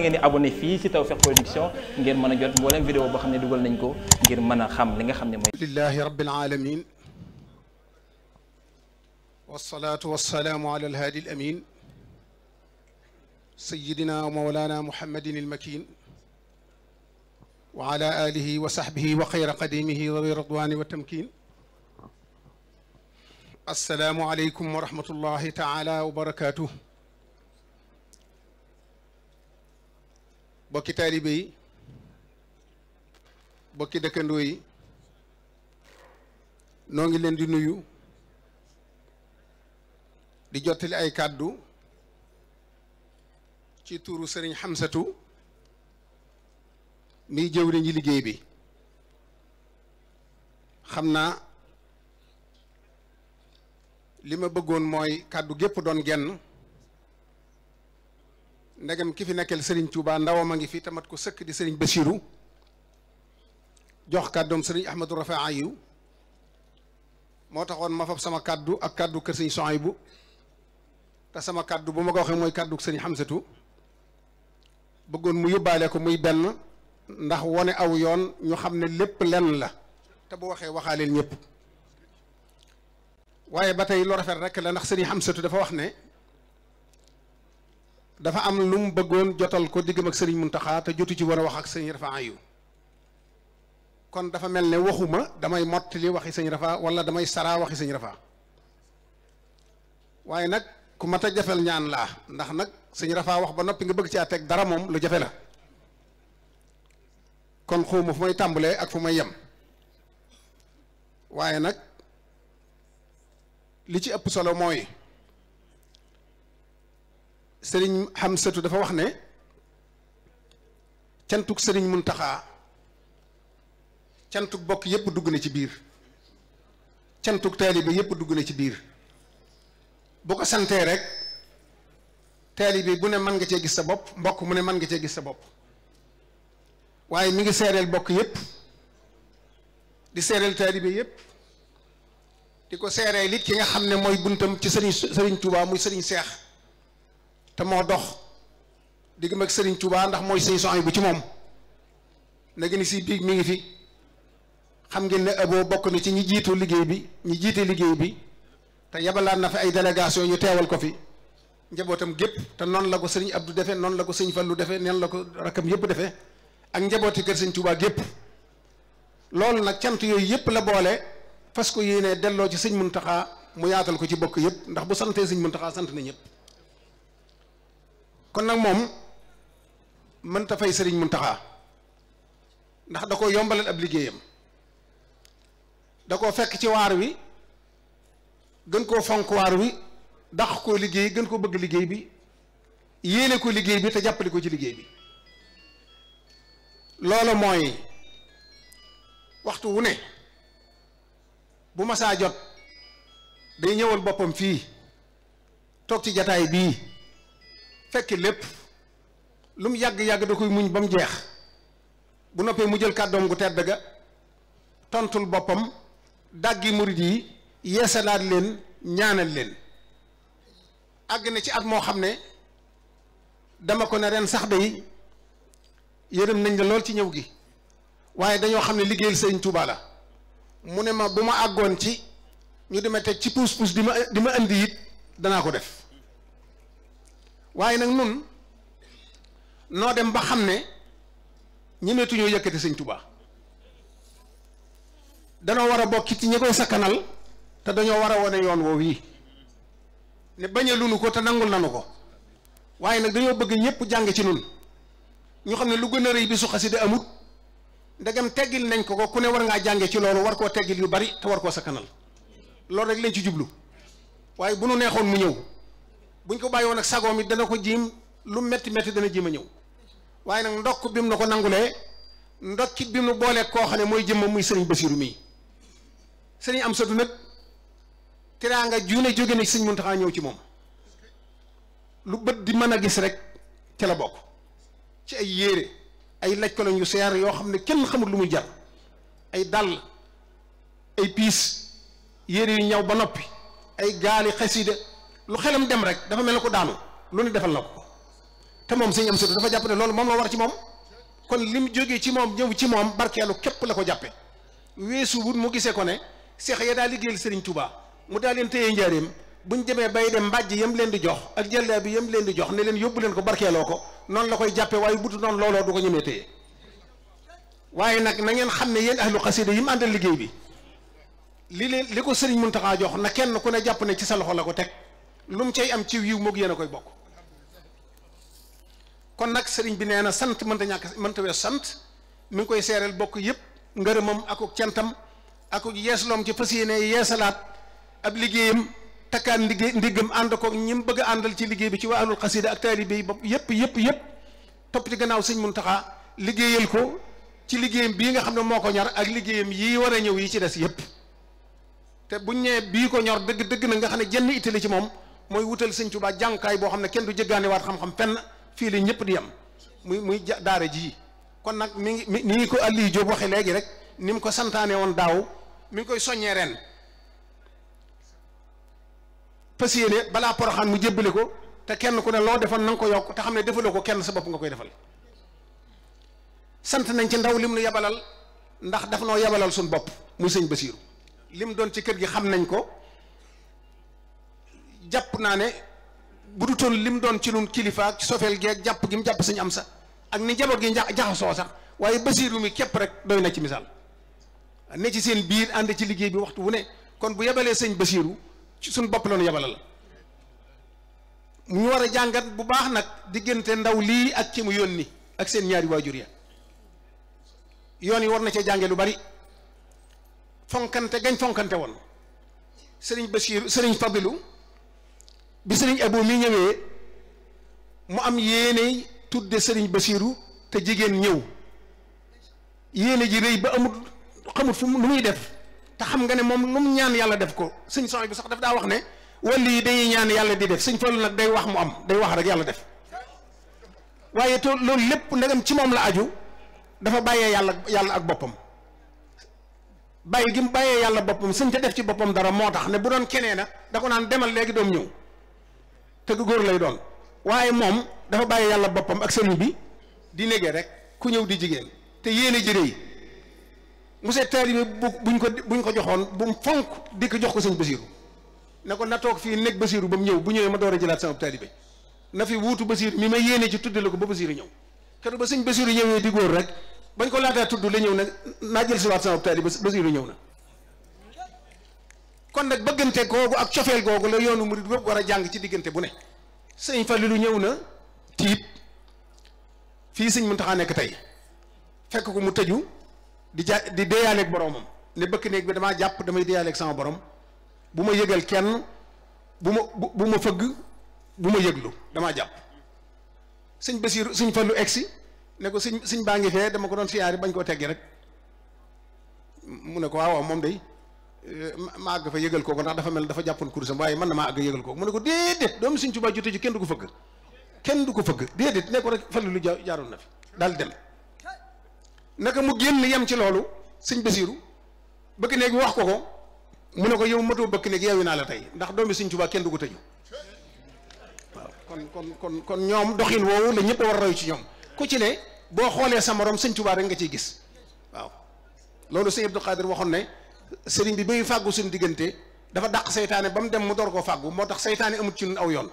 ngeen di abonné fii ci Tawfekh Production ngeen mën a jot mboolem vidéo boo xam ne dugal nañ ko ngir mën a xam li nga xam ne mooy lillahi rabbil alamin wassalaatu wassalaamu ala alhaadi alamin sayyidina wa mawlana muhammadin almakin wa ala alihi wa sahbihi wa xayra qadimihi wa ridwani wa tamkin assalaamu aleykum wa rahmatullahi taala wa barakatuh bokki taalibe bokki dëkkandoo yi noo ngi leen di nuyu di jottali ay kàddu ci tuuru sëriñ xamsatu miy jëwriñ ji liggéey bi xam naa li ma bëggoon mooy kàddu gépp doon genn ndegam ki fi nekkal Serigne Touba ndawam a ngi fi tamat ko sëkk di Serigne Bassirou jox kàddoom Serigne Ahmadou Rafaayou moo taxoon ma fab sama kàddu ak kàddu kër Serigne bu te sama kàddu bu ma ko waxee mooy kàddu Serigne Hamsatou bëggoon mu yóbbaale ko muy benn ndax wone aw yoon ñu xam ne lépp lenn la te bu waxee waxaaleel ñëpp waaye ba tey lu rafet rek la ndax Serigne Hamsatou dafa wax ne. dafa am lu mu bëggoon jotal ko diggam ak sëriñ Muntaxa te jotu ci war a wax ak sëñ Rafa yu kon dafa mel ne waxuma damay mottali waxi sëñ Rafa wala damay saraa waxi sëñ Rafa waaye nag ku mat a jafel ñaan laa ndax nag sëñ Rafa wax ba noppi nga bëgg ci àtteeg dara moom lu jafe la kon xawma fu may tàmbalee ak fu may yem waaye nag li ci ëpp solo mooy sëriñ Hamsatu dafa wax ne cantuk sëriñ mun Muntaxa cantuk bokk yépp dugg na ci biir cantuk taalibe yépp dugg na ci biir bu ko santee rek taalibe bu ne mën nga cee gis sa bopp mbokk mu ne man nga cee gis sa bopp waaye mi ngi seereel bokk yépp di seereel taalibe yépp di ko seereel it ki nga xam ne mooy buntam ci sëriñ sëriñ Tuubaa muy sëriñ Seex te moo dox diggam ak sëriñ tubaa ndax mooy sëñ soxna bu ci moom nag ni si biig mi ngi fi xam ngeen ne Abo bokk na ci ñi jiitu liggéey bi ñi jiite liggéey bi te yabalaat na fi ay délégation ñu teewal ko fi njabootam gépp te noonu la ko Serigne Abdou defee noonu la ko sëñ lu defee neen la ko rakkam yëpp defee ak njabooti kër sëñ Touba gépp loolu nag cant yooyu yëpp la boole fas ko yéenee delloo ci sëñ mun Muntaxa mu yaatal ko ci bokk yëpp ndax bu santee sëñ Muntaxa sant na ñëpp. kon nag moom mënta fay sëriñ Muntaxa ndax da ko yombalal ab liggéeyam da ko fekk ci waar wi gën koo fonk waar wi dax koo liggéey gën koo bëgg liggéey bi yéene ko liggéey bi te jàppale ko ci liggéey bi loolu mooy waxtu wu ne bu masaa jot day ñëwal boppam fii toog ci jataay bii fekk lépp lu mu yàgg-yàgg da koy muñ ba mu jeex bu noppee mu jël kàddoom gu tedd ga tontul boppam dàggi murid yi yeesalaat leen ñaanal leen àgg na ci at moo xam ne dama ko ne ren sax day yërëm nañ la lool ci ñëw gi waaye dañoo xam ne liggéeyal sëñ Tuuba la mu ne ma bu ma àggoon ci ñu di ma teg ci puus puus di ma di ma indi it danaa ko def waaye nag nun noo dem ba xam ne ñemeetuñoo yëkkati sëñ tubaa danoo war a bokki ci ñi koy sakkanal te dañoo war a wone yoon woow yi ne bañee lunu ko te nangul nanu ko waaye nag dañoo bëgg ñëpp jàng ci nun ñu xam ne lu gën a rëy bi su xasida amut ndegam teggil nañ ko ko ku ne war ngaa jànge ci loolu war koo teggil yu bari te war koo sakkanal loolu rek lañ ci jublu waaye bu nu neexoon mu ñëw buñ ko bàyyi woon ak sagoom it dana ko jiim lu metti metti dana jiim a ñëw waaye nag ndokk bi mu na ko nangulee ndokk bi mu boolee koo xam ne mooy jëmma muy sëriñ Basiru mii sëriñ am satu nga teraanga juune jóge na sëñ Muntaxa ñëw ci moom lu bët di mën a gis rek ca la bokk ci ay yére ay laj yu seer yoo xam ne kenn xamul lu muy jar ay dàll ay piis yére yu ñaw ba noppi ay gaali xasida lu xelam dem rek dafa mel ne ko daanu lu ne defal na ko te moom sëñ am sëtu dafa jàpp ne loolu moom la war ci moom kon li mu jógee ci moom ñëw ci moom barkeelu képp la ko jàppe weesu wut mu gisee ko ne seex ya daa liggéeyal sëriñ tubaa mu daa leen téye njaareem buñ demee bay dem mbàjj yam leen di jox ak jëllee bi yam leen di jox ne leen yóbbu leen ko barkeeloo ko noonu la koy jàppe waaye butu noonu looloo du ko ñemee téye waaye nag na ngeen xam ne yéen ahlu xasida yi mu àndal liggéey bi li leen li ko sëriñ Muntaxa jox na kenn ku ne jàpp ne ci sa loxo la ko teg lu mu cay am ciw yiw moog yéen a koy bokk kon nag sëriñ bi nee na sant mënta ñàkk mënta wees sant mu ngi koy seereel bokk yëpp ngërëmam akuk cantam akuk yeesloom ci fas yéene yeesalaat ab liggéeyam takkaan liggéey ndiggam ànd ko ñi mu bëgg àndal ci liggéey bi ci waa alul xasida ak taalibe yi bopp yëpp yëpp yëpp topp ci gannaaw sëñ taxa liggéeyal ko ci liggéeyam bii nga xam ne moo ko ñor ak liggéeyam yii war a ñëw yi ci des yëpp te buñ ñëwee bii ko ñor dëgg dëgg na nga xam ne jenn itali ci moom mooy wutal sëñ Tuubaa jàngukaay boo xam ne kenn du jëggaane waat xam-xam fenn fii la ñëpp di yem muy muy daara jii kon nag mi ngi mi ni ko Aliou Diop waxee léegi rek ni mu ko santaanee woon daaw mi ngi koy soññee ren fas yéene balaa poroxaan mu jébbale ko te kenn ku ne loo defoon na nga ko yokk te xam ne defaloo ko kenn sa bopp nga koy defal sant nañ ci ndaw lim nu yabalal ndax daf noo yabalal suñu bopp muy sëñ Basiiru lim doon ci kër gi xam nañ ko jàpp naa ne bu dutoon lim doon ci nun kilifa ak sofeel geeg jàpp gi mu jàpp suñu am sax ak ni njaboot gi jaxasoo sax waaye basiiru mi képp rek doy na ci misaal ne ci seen biir ànd ci liggéey bi waxtu wu ne kon bu yebalee sëñ basiiru ci suñ bopp loolu yebala la mu war a jàngat bu baax nag diggante ndaw lii ak ki mu yónni ak seen ñaari waajur ya yoon yi war na cee jànge lu bari fonkante gañ fonkante woon sëriñ basiiru sëriñ fabilu bi sëriñ Abo mi ñëwee mu am yéene tudde sëriñ Basiiru te jigéen ñëw yéene ji rëy ba amut xamut fu lu muy def te xam nga ne moom lu mu ñaan yàlla def ko sëñ son bi sax daf daa wax ne wàllu yi dañuy ñaan yàlla di def sëñ Fallu nag day wax mu am day wax rek yàlla def waaye te loolu lépp ndegam ci moom la aju dafa bàyyee yàlla yàlla ak boppam bàyyi gi mu bàyyee yàlla boppam sëñ ca def ci boppam dara moo tax ne bu doon kenee na da ko naan demal léegi doom ñëw te gu góor lay doon waaye moom dafa bàyyi yàlla boppam ak sëriñ bi di nege rek ku ñëw di jigéen te yéene ji rëy monsieur taalibe bu buñ ko buñ ko joxoon bu mu fonk dikk jox ko sëñ Basiiru ne ko na toog fii nekk Basiiru ba mu ñëw bu ñëwee ma door a jëlaat sama taalibe na fi wuutu Basiiru mi ma yéene ci tudde la ko ba Basiiru ñëw keroog ba sëñ Basiiru ñëwee di góor rek bañ ko laataa tudd la ñëw na naa jël si waat sama taalibe Basiiru ñëw na kon nag bëggante googu ak cofeel googu la yoonu murid wépp war a jàng ci diggante bu ne sëñ Falilu ñëw na tiit fii sëñ Muntaxa nekk tey fekk ko mu tëju di ja di deeyaaleeg boromam ne bëkk néeg bi damaa jàpp damay deeyaaleeg sama borom bu ma yëgal kenn bu ma bu ma fëgg bu ma yëglu damaa jàpp sëñ Basiru sëñ lu egsi ne ko sëñ sëñ baa ngi fee dama ko doon siyaari bañ koo teggi rek mu ne ko waaw moom day ma àgg fa yëgal kooku ndax dafa mel dafa jàppoon kursam waaye mën na maa àgg yëgal kooku mu ne ko déedéet doomu Sëñ Tuubaa jote ji kenn du ko fëgg kenn du ko fëgg déedéet ne ko rek fali lu jaaroon na fi daal dem naka mu génn yem ci loolu sëñ Basiiru bëkk néeg wax ko ko mu ne ko yow matoo bëkk néeg yeewu naa la tey ndax doomi Sëñ Tuubaa kenn du ko tëju waaw kon kon kon kon ñoom doxin woowu la ñëpp a war a roy ci ñoom ku ci ne boo xoolee sa morom Sëñ nga ciy gis waaw loolu waxoon ne sëriñ bi bay fàggu suñu diggante dafa dàq seytaane ba mu dem mu door koo fàggu moo tax seytaane amut ci nun aw yoon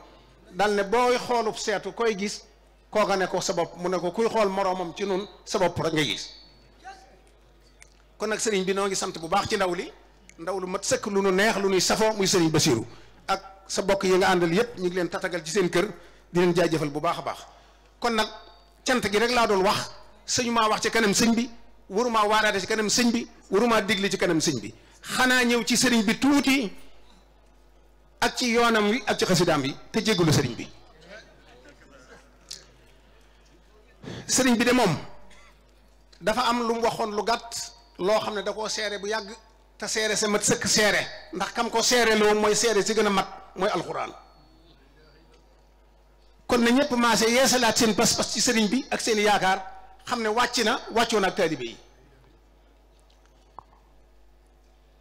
dal ne booy xoolub seetu koy gis kooka ne ko sa bopp mu ne ko kuy xool moroomam ci nun sa bopp rek ngay gis kon nag sëriñ bi noo ngi sant bu baax ci ndaw li ndaw lu mat sëkk lu nu neex lu nuy safoo muy sëriñ Basiiru ak sa bokk yi nga àndal yépp ñu ngi leen tatagal ci seen kër di leen jaajëfal bu baax a baax kon nag cant gi rek laa doon wax sëñu maa wax ci kanam sëñ bi waruma waaraate ci kanam sëñ bi warumaa digle ci kanam sëñ bi xanaa ñëw ci sëriñ bi tuuti ak ci yoonam wi ak ci xasidaam bi te jéggulu sëriñ bi sëriñ bi de moom dafa am lu mu waxoon lu gàtt loo xam ne da koo seere bu yàgg te seere sa mat sëkk seere ndax kam ko seere loo mooy seere si gën a mat mooy alxuraan kon na ñëpp maase yeesalaat seen pas-pas ci sëriñ bi ak seen yaakaar xam ne wàcc na wàccoon ak taalibe yi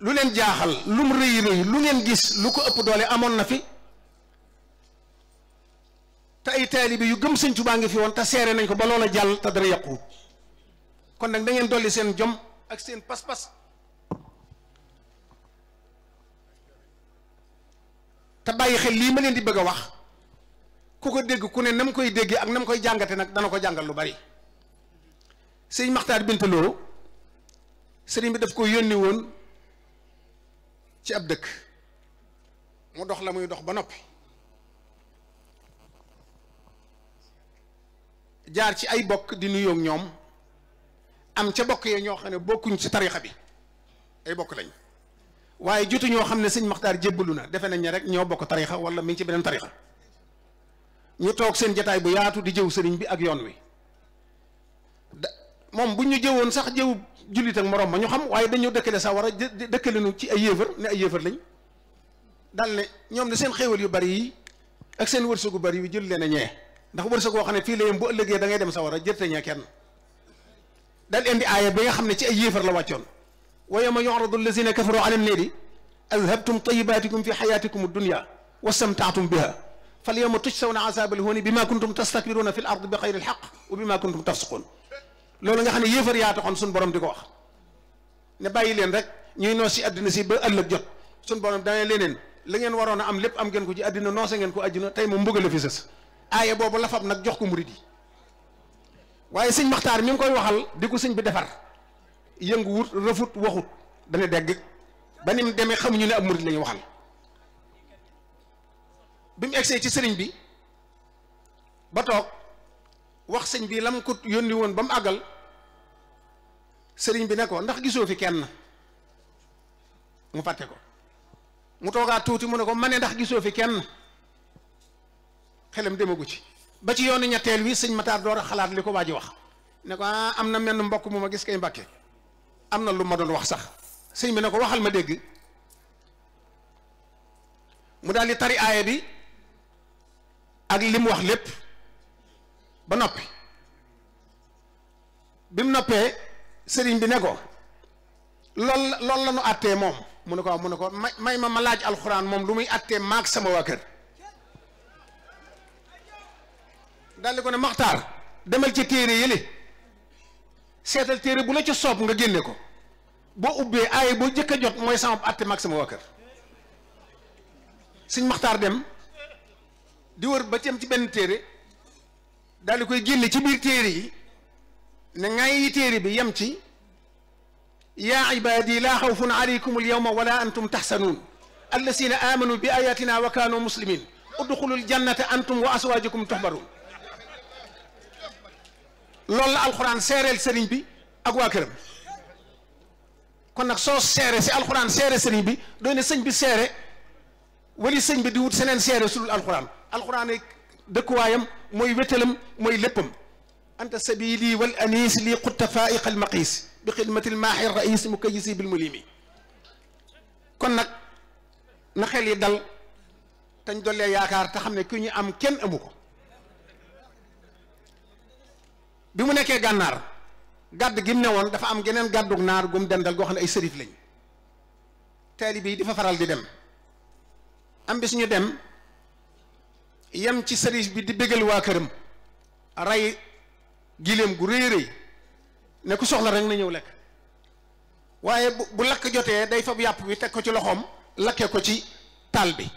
lu leen jaaxal lu mu rëy lu ngeen gis lu ko ëpp doole amoon na fi te ay taalibe yu gëm sëñ Tuubaa ngi fi woon te seere nañ ko ba loola jàll te dara yàqu kon nag da ngeen dolli seen jom ak seen pas-pas te bàyyi xel lii ma leen di bëgg a wax ku ko dégg ku ne na koy déggee ak na koy jàngate nag dana ko jàngal lu bari sëñ Maxtaar Bintaloo sëriñ bi daf ko yónni woon ci ab dëkk mu dox la muy dox ba noppi jaar ci ay bokk di nuyoo ñoom am ca bokk ya ñoo xam ne bokkuñ ci tarixa bi ay bokk lañ waaye jotu ñoo xam ne sëñ Maxtaar jébbalu na defe nañ ne rek ñoo bokk tarixa wala mi ci beneen tarixa ñu toog seen jataay bu yaatu di jëw sëriñ bi ak yoon wi moom bu ñu jëwoon sax jëw jullit ak morom ma ñu xam waaye dañoo dëkkale sax war a dëkkale nu ci ay yéefar ne ay yéefar lañ daal ne ñoom ne seen xéewal yu bari ak seen war wërsëgu bari yi jël leen a ñee ndax wërsëg woo xam ne fii la yem bu ëllëgee da ngay dem sawara jërte ñee kenn daal indi aaya bi nga xam ne ci ay yéefar la wàccoon wa yawma yu'radu allazina kafaru ala an-naari adhabtum tayyibatikum fi hayatikum ad-dunya wastamta'tum biha falyawma tujzawna azab al-huni bima kuntum tastakbiruna fi al-ardi bi ghayri al-haqq wa bima kuntum tafsiqun loolu nga xam ne yéefar yaa taxoon suñ borom di ko wax ne bàyyi leen rek ñuy noos si àddina si ba ëllëg jot suñ borom dana leneen la ngeen waroon a am lépp am ngeen ko ci àddina noose ngeen ko àddina tey moom mbëgg la fi sës aaye boobu la fab nag jox ko murid yi waaye sëñ maxtaar mi ngi koy waxal di ko sëñ bi defar yëngu wut rëfut waxut dana dégg ba ni demee xamuñu ne ab murid la ñuy waxal bi mu egsee ci sëriñ bi ba toog wax sëñ bi lam ko yónni woon ba mu àggal sëriñ bi ne ko ndax gisoo fi kenn mu fàtte ko mu toogaat tuuti mu ne ko ma ne ndax gisoo fi kenn xelam demagu ci ba ci yoonu ñetteel wi sëñ Matar door a xalaat li ko waa ji wax ne ko ah am na menn mbokk mu ma gis kay mbàkke am na lu ma doon wax sax sëñ bi ne ko waxal ma dégg mu daal di tari aaya bi ak li wax lépp ba noppi bim mu noppee sëriñ bi ne ko lool loolu la nu àttee moom mu ne ko mu ne ko may ma ma laaj alxuraan moom lu muy àttee maag sama waa kër daldi ko ne maxtaar demal ca téere yële seetal téere bu la ca soob nga génne ko boo ubbee aaye boo jëkk a jot mooy sama àtte maag sama waa kër sëñ maxtaar dem di wër ba ci am ci benn téere di koy génne ci biir téere yi ne ngay yi téere bi yem ci yaa ibaadi laa xawfun aleykum alyawma wala antum taxsanuun allazina amanu bi ayatina wa kaanu muslimin udxulu ljannata antum wa aswaajukum tuxbaruun loolu la alxuraan seereel sëriñ bi ak waa këram kon nag soo seere si alxuraan seere sëriñ bi doy na sëñ bi seere wali sëñ bi di wut seneen seere sulul alxuraan alxuraan dëkkuwaayam mooy wétalam mooy léppam anta sabili wal anis li xutta faiqa al maqis bi xidmatil maaxi rais mukayisi bil mulimi kon nag na xel yi dal tañ dollee yaakaar te xam ne ku ñu am kenn amu ko bi mu nekkee gànnaar gàdd gi mu ne woon dafa am geneen gàddug naar gum dendal goo xam ne ay sërif lañ taalibe yi dafa faral di dem am bi suñu dem yem ci sërif bi di bégal waa këram rey giléem gu rëy rëy ne ku soxla rek na ñëw lekk waaye bu bu lakk jotee day fab yàpp wi teg ko ci loxoom lakkee ko ci taal bi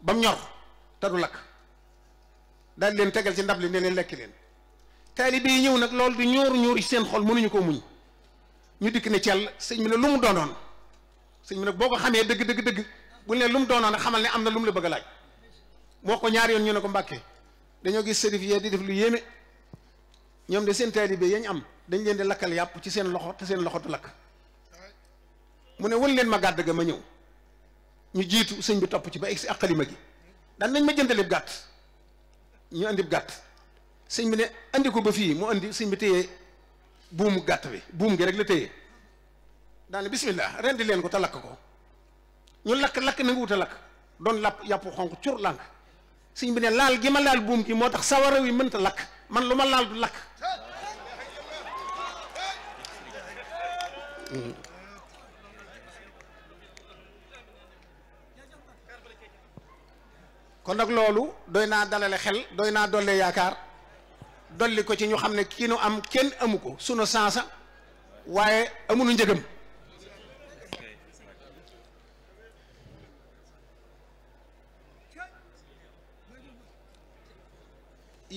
ba mu ñor te du lakk daal leen tegal ci ndab li ne leen lekk leen taalibe yi ñëw nag loolu di ñooru ñooru seen xol mënuñu ko muñ ñu dikk ne cell sëñ bi ne lu mu doonoon sëñ bi nag boo ko xamee dëgg dëgg dëgg bu ne lu mu doonoon nag xamal ne am na lu mu la bëgg a laaj moo ko ñaar yoon ñu ne ko mbàkkee dañoo gis sërif di def lu yéeme ñoom de seen taalibe yañ am dañ leen di lakkal yàpp ci seen loxo te seen loxo du lakk mu ne wal leen ma gàdd ga ma ñëw ñu jiitu sëñ bi topp ci ba egsi aqalima gi daan nañ ma jëndalib gàtt ñu andib gàtt sëñ bi ne andi ko ba fii mu andi sëñ bi téye buumu gàtt bi buum gi rek la téye daane bismillah rendi leen ko te lakk ko ñu lakk lakk na nga wut lakk doon làpp yàpp xonq cur lànk sëñ bi ne laal gi ma laal buum gi moo tax sawara wi mënta lakk man lu ma laal du lakk kon nag loolu doy naa dalale xel doy naa dolle yaakaar dolli ko ci ñu xam ne kii nu am kenn amu ko sunu sansa waaye amunu njëgam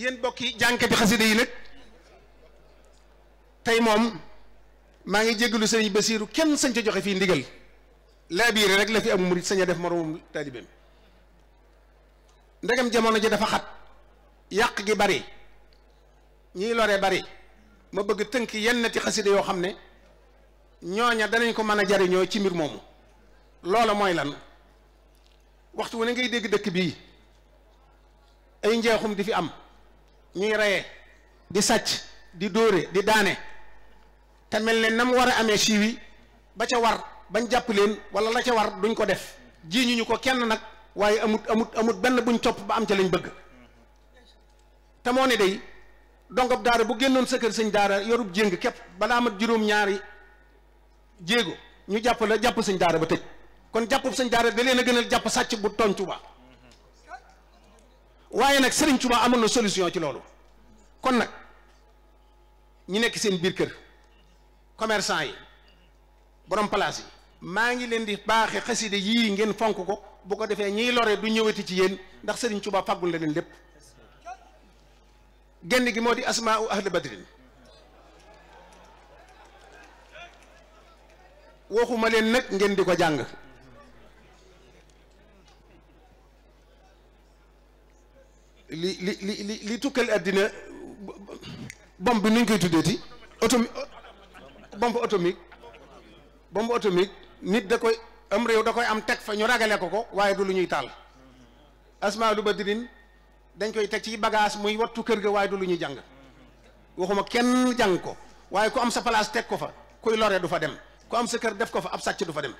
yéen bokki jànkati xasida yi nag tey moom maa ngi jéggalu sëriñ Basiiru kenn sañ ca joxe fii ndigal laa biire rek la fi am murit sañ a def moroomum taalibeem ndegam jamono ji dafa xat yàq gi bari ñiy lore bari ma bëgg tënk yenn ti xasida yoo xam ne ñooña danañ ko mën a jariñoo ci mbir moomu loola mooy lan waxtu wu ngay dégg dëkk bii ay njeexum di fi am ñuy reye di sàcc di dóore di daane te mel ne nam war a amee siiwi ba ca war bañ jàpp leen wala la ca war duñ ko def jiiñu ñu ko kenn nag waaye amut amut amut benn buñ topp ba am ca lañ bëgg te moo ne day dongab daara bu génnoon sa kër sëñ daara yorub jéng képp balaa mat juróom-ñaari jéego ñu jàpp la jàpp sëñ daara ba tëj kon jàppub sañ daara da leen a gënal jàpp sàcc bu tontu ba waaye nag Serigne Touba amoon na solution ci loolu kon nag ñi nekk seen biir kër commerçant yi borom place yi maa ngi leen di baaxe xaside yii ngeen fonk ko bu ko defee ñiy loree du ñëweti ci yéen ndax Serigne Touba fàggul na leen lépp genn gi moo di asmaa u ahli badrin waxuma leen nag ngeen di ko jàng li li li li tukkal àddina bomb bi nuñ koy tuddeeti atomi bombe atomique bombe atomique nit da koy am réew da koy am teg fa ñu ragale ko ko waaye du lu ñuy taal asmaa lu badrin dañ koy teg ci bagage muy wattu kër ga waaye du lu ñuy jàng waxuma kenn jàng ko waaye ku am sa place teg ko fa kuy lore du fa dem ku am sa kër def ko fa ab sàcc du fa dem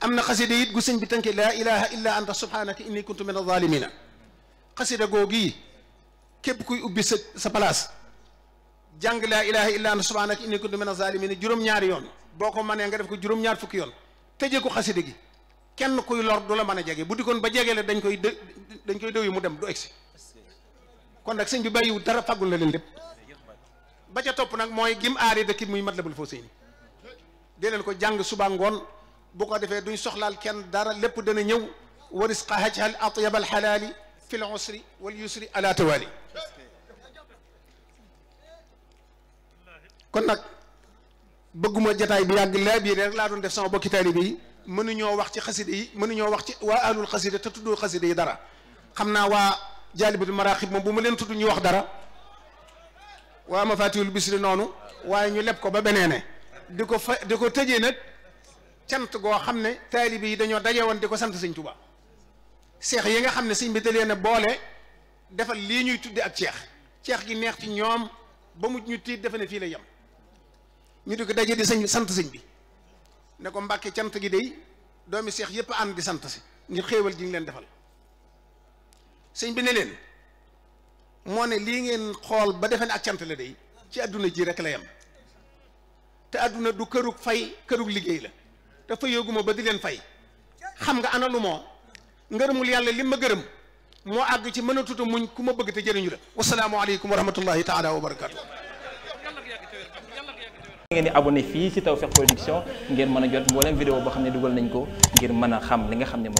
am na xasida it gu sëñ bi tënke laa ilaha illa anta subhanaka inni kuntu min az-zalimina xasida googi képp kuy ubbi sa sa place jàng laa ilaha illa anta subhanaka inni kuntu minaz zalimin juróom-ñaari yoon boo ko mënee nga def ko juróom-ñaar fukki yoon tëjee ko xasida gi kenn kuy lor du la mën a jege bu di dikkoon ba jegee la dañ koy dë dañ koy dëw mu dem du egsi kon nag sëñ bi bàyyiwu dara fàggul na leen lépp ba ca topp nag mooy gim aari dëkk muy bul Fawzayni dee leen ko jàng suba ngoon bu ko defee duñ soxlaal kenn dara lépp dana ñëw warisqa hajhal atyabal xalaali fi l usri wal yusri ala tawali kon nag bëgguma jataay bi yàgg laa bii rek laa doon def sama bokki taalibe yi mënuñoo wax ci xasida yi mënuñoo wax ci waa alul xasida te tuddoo xasida yi dara xam naa waa jaalibatul maraaxib moom bu ma leen tudd ñu wax dara waa mafatihul bisri noonu waaye ñu leb ko ba beneene di ko fa di ko tëjee nag cant goo xam ne taalibe yi dañoo daje woon di ko sant sëñ Tuubaa seex yi nga xam ne sëñ bi da leen a boole defal lii ñuy tudde ak ceex ceex gi neex ci ñoom ba mu ñu tiit defe ne fii la yem ñu di ko daje di sëñ sant sëñ bi ne ko mbàkke cant gi day doomi seex yëpp ànd di sant si ngir xéewal ji ngi leen defal sëñ bi ne leen moo ne lii ngeen xool ba defe ne ak cant la day ci àdduna ji rek la yem te àdduna du këru fay këru liggéey la te fayooguma ba di leen fay xam nga ana lu moo ngërëmul yàlla li ma gërëm moo àgg ci mënatuta muñ ku ma bëgg te jëriñu la wasalaamualeykum wa rahmatullahi taala wa barakatu ngeen di abonné fii ci Tawfekh Production ngeen mën a jot mboolem vidéo boo xam ne dugal nañ ko ngir mën a xam li nga xam ne mooy